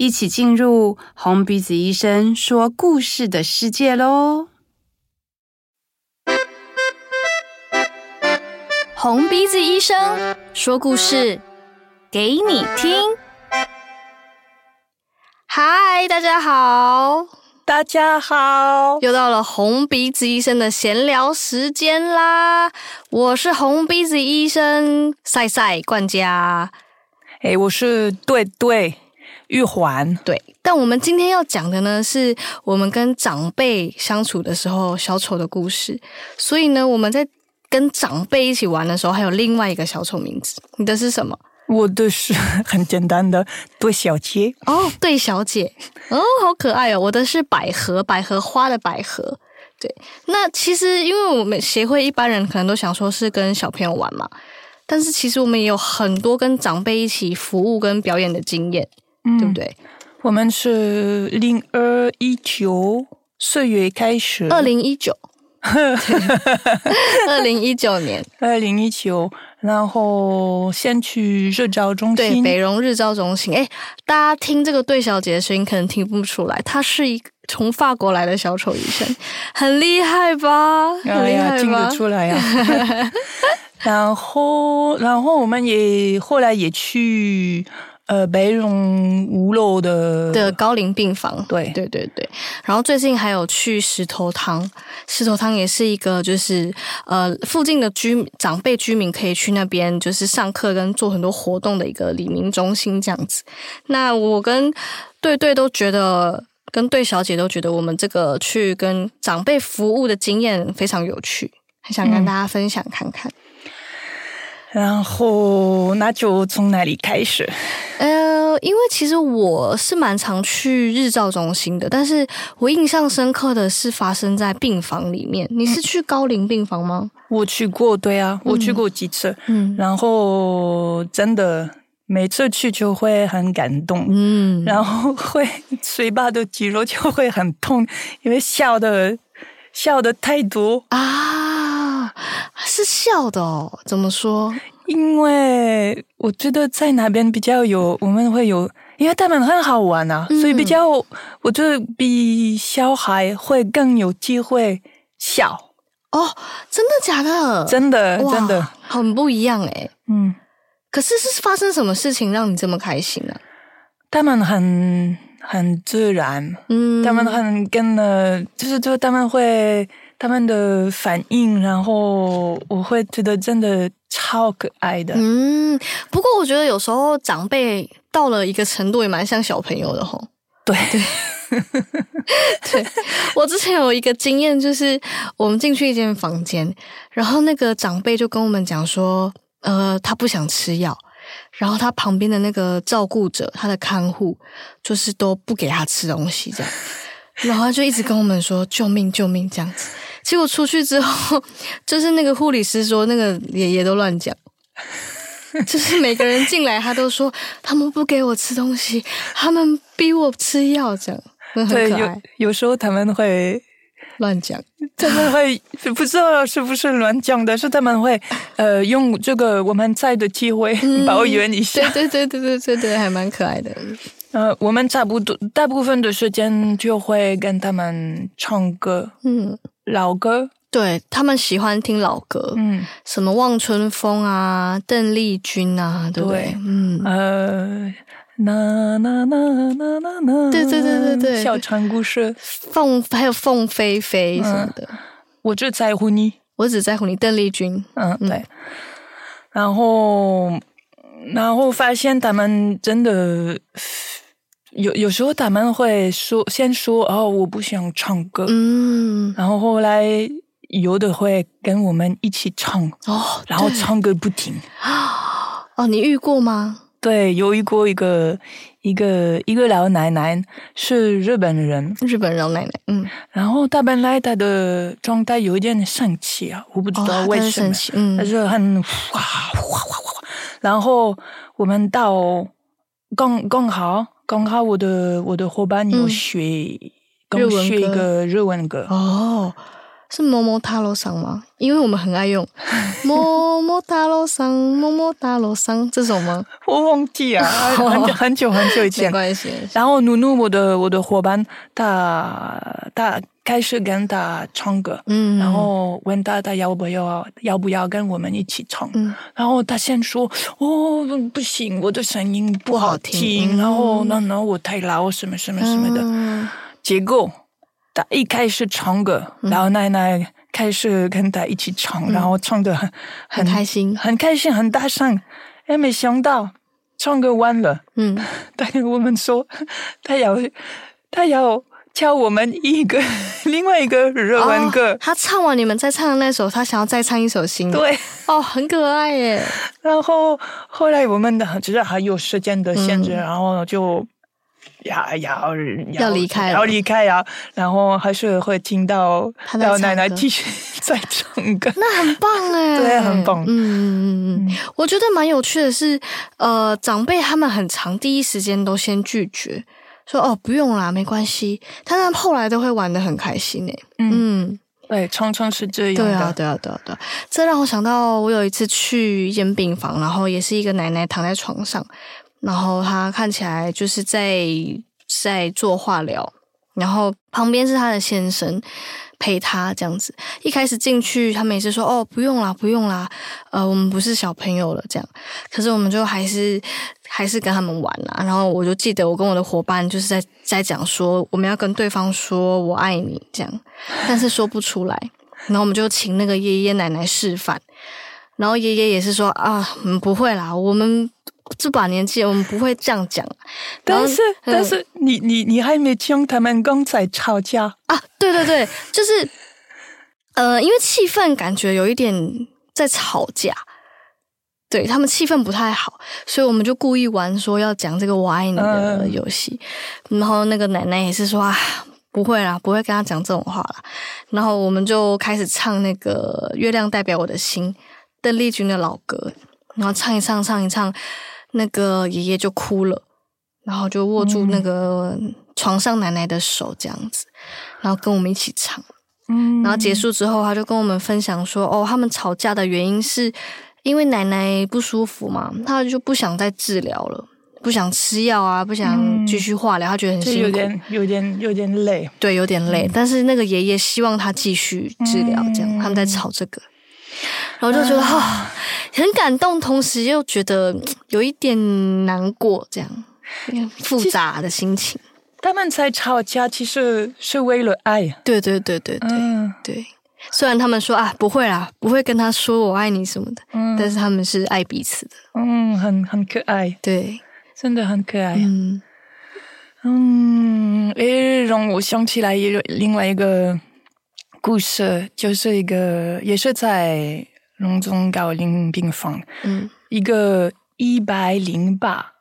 一起進入紅鼻子醫生說故事的世界嘍！紅鼻子醫生說故事給你聽。Hi，大家好，大家好，又到了紅鼻子醫生的閒聊時間啦！我是紅鼻子醫生賽賽冠嘉，哎、hey,，我是對對玉環對，但我們今天要講的呢，是我們跟長輩相處的時候，小丑的故事。所以呢，我們在跟長輩一起玩的時候，還有另外一個小丑名字，你的是什麼？我的是很簡單的，對小姐哦，對小姐哦，好可愛哦！我的是百合，百合花的百合。對，那其實因為我們協會一般人可能都想說是跟小朋友玩嘛，但是其實我們也有很多跟長輩一起服務跟表演的經驗。對不對？嗯、我們是零二一九歲月開始，二零一九，二零一九年，二零一九，然後先去日照中心，對，美容日照中心。哎，大家聽這個對小姐的聲音，可能聽不出來，她是一個從法國來的小丑醫生，很厲害吧？很厲害吧？哎呀，聽得出來呀、啊。 然後，然後我們也後來也去。呃，北榮五樓的的高齡病房，對，對，對，對。然後最近還有去石頭湯，石頭湯也是一個，就是呃，附近的居民長輩居民可以去那邊，就是上課跟做很多活動的一個里民中心這樣子。那我跟對對都覺得，跟對小姐都覺得，我們這個去跟長輩服務的經驗非常有趣，很想跟大家分享看看。嗯然後那就從哪裡開始？呃，因為其實我是蠻常去日照中心的，但是我印象深刻的是發生在病房裡面。你是去高齡病房嗎？嗯，我去過，對啊，我去過幾次。嗯，然後真的每次去就會很感動，嗯，然後會，嘴巴的肌肉就會很痛，因為笑的笑的太多啊。是笑的哦，怎麼說？因為我覺得在那邊比較有，我們會有，因為他們很好玩啊、嗯，所以比較，我覺得比小孩會更有機會笑。哦，真的假的？真的，真的很不一樣哎、欸。嗯，可是是發生什麼事情讓你這麼開心呢、啊？他們很很自然，嗯，他們很跟了、呃，就是就是他們會。他們的反應，然後我會覺得真的超可愛的。嗯，不過我覺得有時候長輩到了一個程度，也蠻像小朋友的吼、哦。對對，對， 對我之前有一個經驗，就是我們進去一間房間，然後那個長輩就跟我們講說，呃，他不想吃藥，然後他旁邊的那個照顧者，他的看護，就是都不給他吃東西這樣。 然後他就一直跟我們說救命救命，這樣子，結果出去之後，就是那個護理師說那個爺爺都亂講，就是每個人進來他都說他們不給我吃東西，他們逼我吃藥這樣，對有，有時候他們會亂講，他們會不知道是不是亂講的，但是他們會呃用這個我們在的機會抱怨一下、嗯、對對對對對對，還蠻可愛的。呃，我們差不多大部分的時間就會跟他們唱歌，嗯，老歌，對他們喜歡聽老歌，嗯，什麼《望春風》啊，鄧麗君啊，對不對？對，嗯，呃，那那那那那那，對對對對對，小城故事，對對對，鳳還有鳳飛飛什麼的，嗯，我只在乎你，我只在乎你，鄧麗君，嗯，對，嗯，然後然後發現他們真的。有有時候他們會說，先說哦，我不想唱歌，嗯，然後後來有的會跟我們一起唱，哦，然後唱個不停啊，哦，你遇過嗎？對，有遇過一個一個一個老奶奶是日本人，日本老奶奶，嗯，然後她本來她的狀態有一點生氣啊，我不知道為什麼，哦、她嗯，還是很哇哇哇哇，然後我們到。剛剛好剛好，好我的我的夥伴有學，剛、嗯、學一個日文歌，日文歌哦，是桃太郎桑嗎？因為我們很愛用桃太郎桑桃太郎桑這種嗎？我忘記啊， 很久很久，很久以前， 沒關係然後努努，我的我的夥伴他他。他開始跟他唱歌，嗯，然後問他他要不要要不要跟我們一起唱，嗯，然後他先說哦，不行，我的聲音不好聽，好聽嗯、然後然後我太老什麼什麼什麼的、嗯、結果他一開始唱歌，老、嗯、奶奶開始跟他一起唱，嗯、然後唱得很、嗯、很開心，很開心，很大聲。哎，沒想到唱歌完了，嗯，他跟我們說他要他要。他要教我們一個另外一個熱門歌。哦，他唱完你們再唱的那首，他想要再唱一首新歌。對哦，很可愛耶。然後後來我們的只是還有時間的限制，嗯、然後就呀呀，呀要離開要離開呀、啊，然後還是會聽到他的奶奶繼續在唱歌，那很棒哎，對，很棒。嗯嗯嗯嗯，我覺得蠻有趣的是，呃，長輩他們很常第一時間都先拒絕。說哦，不用啦，沒關係。他那後來都會玩得很開心呢，欸嗯。嗯，對，聰聰是這樣。對啊，對啊，對啊，對啊。這讓我想到，我有一次去一間病房，然後也是一個奶奶躺在床上，然後她看起來就是在在做化療，然後旁邊是她的先生。陪他這樣子，一開始進去，他們也是說：“哦，不用啦，不用啦，呃，我們不是小朋友了。”這樣，可是我們就還是還是跟他們玩啦。然後我就記得，我跟我的夥伴就是在在講說，我們要跟對方說我愛你這樣，但是說不出來。然後我們就請那個爺爺奶奶示範，然後爺爺也是說：“啊，我們不會啦，我們。”這把年紀，我們不會這樣講。但是，但是，嗯、你你你還沒聽他們剛在吵架啊？對對對，就是 呃，因為氣氛感覺有一點在吵架，對他們氣氛不太好，所以我們就故意玩說要講這個“我愛你”的遊戲，嗯。然後那個奶奶也是說啊，不會啦，不會跟他講這種話啦。然後我們就開始唱那個月亮代表我的心，鄧麗君的老歌，然後唱一唱，唱一唱。唱一唱那個爺爺就哭了，然後就握住那個床上奶奶的手這樣子，嗯、然後跟我們一起唱。嗯，然後結束之後，他就跟我們分享說、嗯：“哦，他們吵架的原因是因為奶奶不舒服嘛，他就不想再治療了，不想吃藥啊，不想繼續化療，嗯、他覺得很辛苦，有點，有點，有點累。對，有點累。嗯、但是那個爺爺希望他繼續治療，這樣、嗯、他們在吵這個。”然後就覺得啊、uh, 哦，很感動，同時又覺得有一點難過，這樣 複雜的心情。他們在吵架，其實是為了愛。對對對對對，對、uh, 對，雖然他們說啊，不會啦，不會跟他說我愛你什麼的，uh, 但是他們是愛彼此的。嗯、um，很很可愛，對，真的很可愛。嗯、um, 也、um, 欸、讓我想起來也有另外一個，故事就是一個，也是在榮總高齡病房，嗯，一個一百零八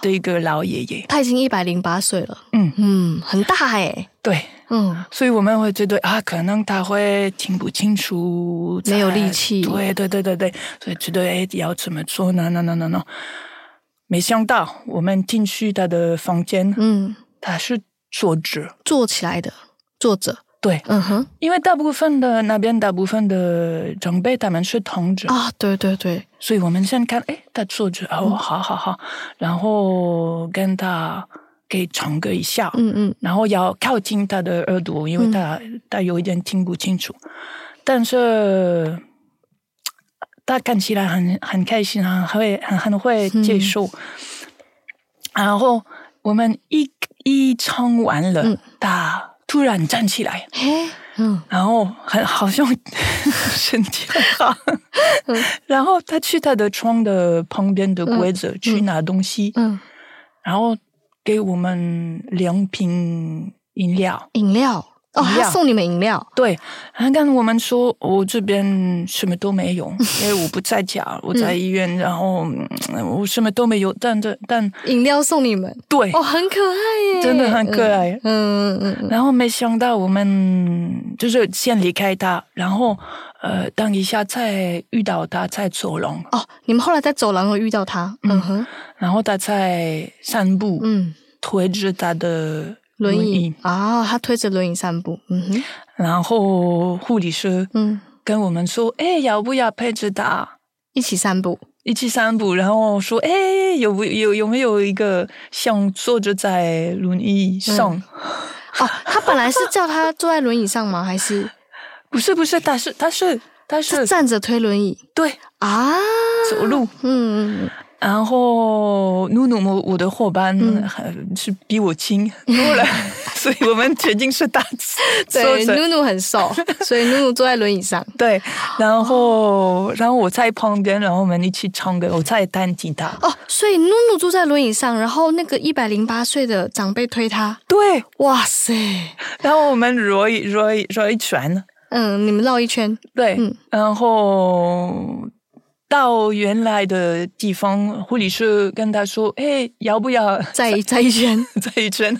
的，一個老爺爺，他已經一百零八歲了，嗯嗯，很大哎、欸，對，嗯，所以我們會覺得啊，可能他會聽不清楚，沒有力氣，對對對對對，對，所以覺得哎、欸，要怎麼做呢？no no no no no，沒想到我們進去他的房間，嗯，他是坐着，坐起來的，坐着。對，嗯哼，因為大部分的那邊，大部分的長輩他們是同住啊，對對對，所以我們先看，哎，他坐着、嗯，哦，好好好，然後跟他可以唱歌一下，嗯嗯，然後要靠近他的耳朵，因為他、嗯、他有一點聽不清楚，但是他看起來很很開心啊，很會很會接受、嗯，然後我們一一唱完了，嗯、他突然站起來，嗯，然後很好像身體很好， 經啊、 然後他去他的窗的旁邊的櫃子、嗯、去拿東西，嗯，然後給我們兩瓶飲料，飲料。哦，他送你們飲料。對，剛跟我們說，我這邊什麼都沒有， 因為我不在家，我在醫院。嗯、然後我什麼都沒有，但這但飲料送你們。對，哦，很可愛耶，真的很可愛。嗯嗯嗯。然後沒想到我們就是先離開他，然後呃，等一下再遇到他，在走廊。哦，你們後來在走廊遇到他。嗯哼、嗯。然後他在散步，嗯，推着他的。輪椅啊、哦，他推着輪椅散步，嗯哼。然後護理師嗯跟我們說，哎、嗯欸，要不要陪著他一起散步，一起散步。然後說，哎、欸，有不有有沒有一個想坐着在輪椅上？啊、嗯 哦，他本來是叫他坐在輪椅上嗎？ 還是？不是不是，他是他是他是他站着推輪椅，對啊，走路，嗯。然後努努，Nunu, 我的伙伴還、嗯、是比我輕多了，所以我們肯定是搭子。對，努 努很瘦，所以努努坐在輪椅上。對，然後，oh. 然後我在旁邊，然後我們一起唱歌，我在彈吉他。哦、oh,，所以努努坐在輪椅上，然後那個一百零八歲的長輩推他。對， 哇塞！然後我們繞一繞,繞一繞一圈嗯，你們繞一圈。對，嗯、然後。到原來的地方，護理師跟他說：“哎，要不要再再一圈，再一圈？”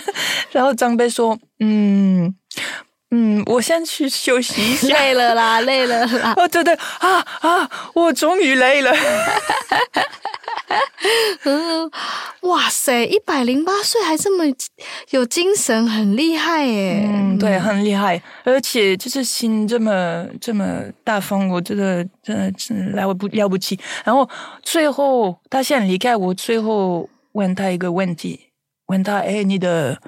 然後張貝說：“ 嗯嗯，我先去休息一下， 累了啦，累了啦。 我覺得”對對啊啊，我終於累了。 哇塞，一百零八歲還這麼有精神，很厲害耶。嗯，對，很厲害，而且就是心這麼這麼大方，我真的真的是來不了不起。然後最後他現在離開我，最後問他一個問題，問他哎、欸，你的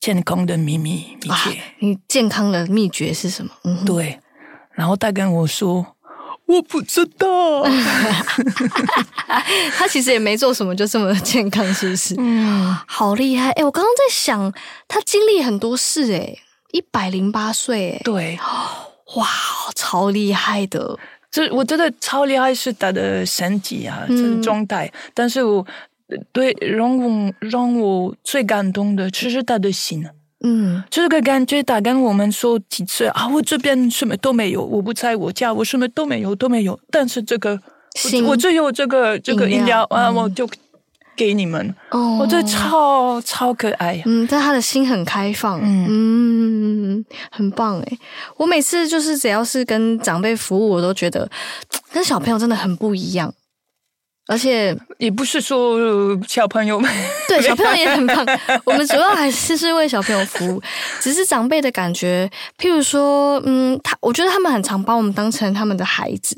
健康的秘密？訣、啊、你健康的秘訣是什麼？嗯，對。然後他跟我說。我不知道， 他其實也沒做什麼，就這麼健康，是不是？嗯，好厲害！誒，我剛剛在想，他經歷很多事，誒，一百零八歲，誒，對，哇，超厲害的！這我真的超厲害，是他的身體啊，嗯、他的狀態。但是我對讓我讓我最感動的，其實他的心。嗯，這個感覺，打跟我們說幾次啊？我這邊什麼都沒有，我不在我家，我什麼都沒有，都沒有。但是這個，心我只有這個這個飲料啊，嗯，我就給你們。哦，我這超超可愛。嗯，但他的心很開放。嗯，嗯，很棒誒。我每次就是只要是跟長輩服務，我都覺得跟小朋友真的很不一樣。而且也不是說小朋友們， 對小朋友也很棒。 我們主要還是是為小朋友服務，只是長輩的感覺。譬如說，嗯，他我覺得他們很常把我們當成他們的孩子，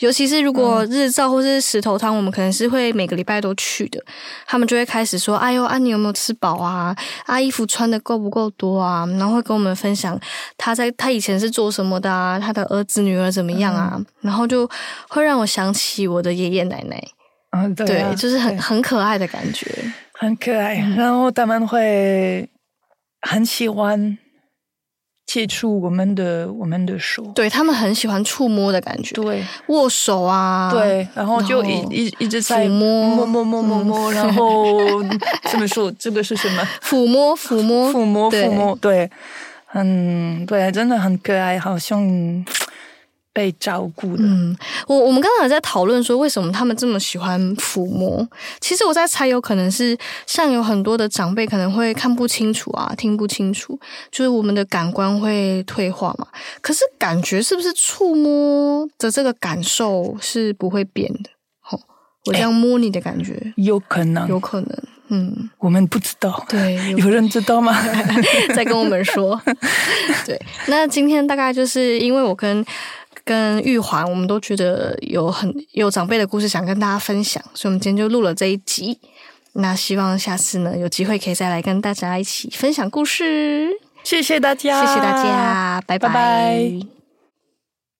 尤其是如果日照或是石頭湯，我們可能是會每個禮拜都去的。他們就會開始說：“哎呦，啊，你有沒有吃飽啊？啊，衣服穿得夠不夠多啊？”然後會跟我們分享他在他以前是做什麼的啊，他的兒子女兒怎麼樣啊，嗯、然後就會讓我想起我的爺爺奶奶。嗯對，啊、對，就是很很可愛的感覺，很可愛。然後他們會很喜歡接觸我們的我們的手，對，他們很喜歡觸摸的感覺，對，握手啊，對，然後就一一一直在摸摸摸摸摸摸，嗯、然後什麼時候這個是什麼？撫摸撫摸撫摸撫摸，對，嗯，對，真的很可愛，好像。被照顧的，嗯，我我們剛剛也在討論說，為什麼他們這麼喜歡撫摸？其實我在猜，有可能是像有很多的長輩可能會看不清楚啊，聽不清楚，就是我們的感官會退化嘛。可是感覺是不是觸摸的這個感受是不會變的？好，哦，我這樣摸你的感覺，欸，有可能，有可能，嗯，我們不知道，對，有，有人知道嗎？在 跟我們說， 對，那今天大概就是因為我跟。跟玉環，我們都覺得有很有長輩的故事想跟大家分享，所以我們今天就錄了這一集。那希望下次呢，有機會可以再來跟大家一起分享故事。謝謝大家，謝謝大家，拜拜。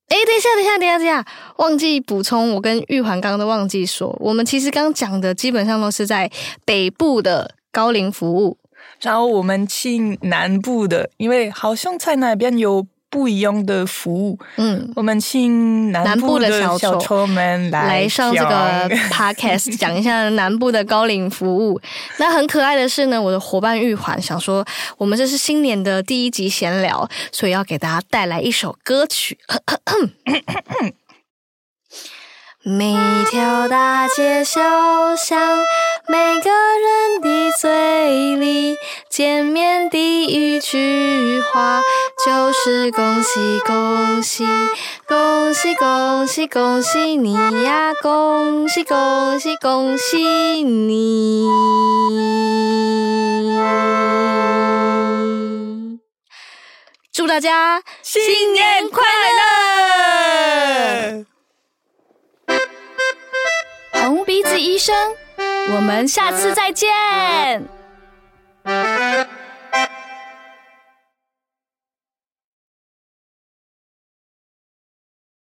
哎、欸，等一下，等一下，等一下，忘記補充，我跟玉環剛剛都忘記說，我們其實剛講的基本上都是在北部的高齡服務，然後我們去南部的，因為好像在那邊有。不一樣的服務，嗯，我們請南部的小丑，的小丑，小丑們來，來上這個 podcast 講一下南部的高齡服務。 那很可愛的是呢，我的夥伴玉環想說，我們這是新年的第一集閒聊，所以要給大家帶來一首歌曲。 每條大街小巷，每個人的嘴裡見面的第一句話就是“恭喜恭喜，恭喜恭喜恭喜你呀，啊，恭喜恭喜恭喜你！”祝大家新年快樂！紅鼻子醫生，我們下次再見。